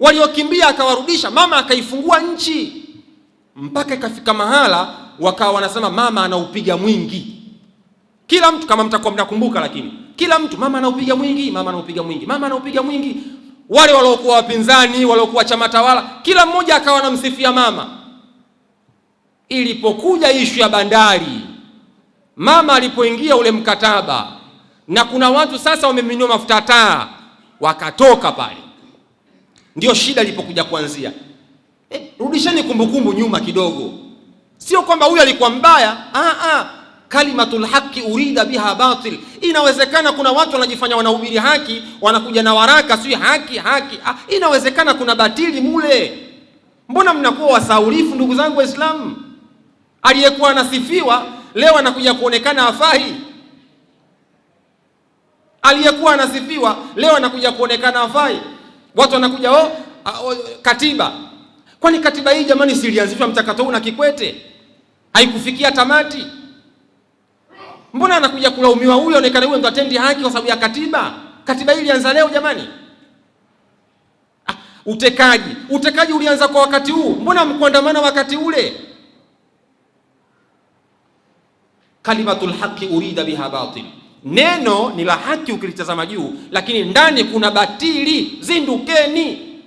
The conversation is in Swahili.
waliokimbia akawarudisha, mama akaifungua nchi mpaka ikafika mahala wakawa wanasema mama anaupiga mwingi. Kila mtu kama mtakuwa mnakumbuka, lakini kila mtu mama anaupiga mwingi, mama anaupiga mwingi, mama anaupiga mwingi. Wale waliokuwa wapinzani, waliokuwa chama tawala, kila mmoja akawa anamsifia mama. Ilipokuja ishu ya bandari, mama alipoingia ule mkataba, na kuna watu sasa wameminywa mafuta taa, wakatoka pale ndio shida ilipokuja kuanzia. Eh, rudisheni kumbukumbu nyuma kidogo, sio kwamba huyu alikuwa mbaya. Ah, ah, kalimatul haki urida biha batil. Inawezekana kuna watu wanajifanya wanahubiri haki, wanakuja na waraka sio haki haki. Ha, ah, inawezekana kuna batili mule. Mbona mnakuwa wasaulifu ndugu zangu Waislamu? Aliyekuwa anasifiwa leo anakuja kuonekana afahi aliyekuwa anasifiwa leo anakuja kuonekana afai. Watu wanakuja oh, ah, oh, katiba. Kwani katiba hii jamani, silianzishwa mchakato huu na Kikwete? Haikufikia tamati? Mbona anakuja kulaumiwa huyo, onekana huyo ndo atendi haki kwa sababu ya katiba? Katiba hii ilianza leo jamani? Ah, utekaji, utekaji ulianza kwa wakati huu, mbona mkuandamana wakati ule? Kalimatul haqi urida biha batil Neno ni la haki ukilitazama juu, lakini ndani kuna batili. Zindukeni.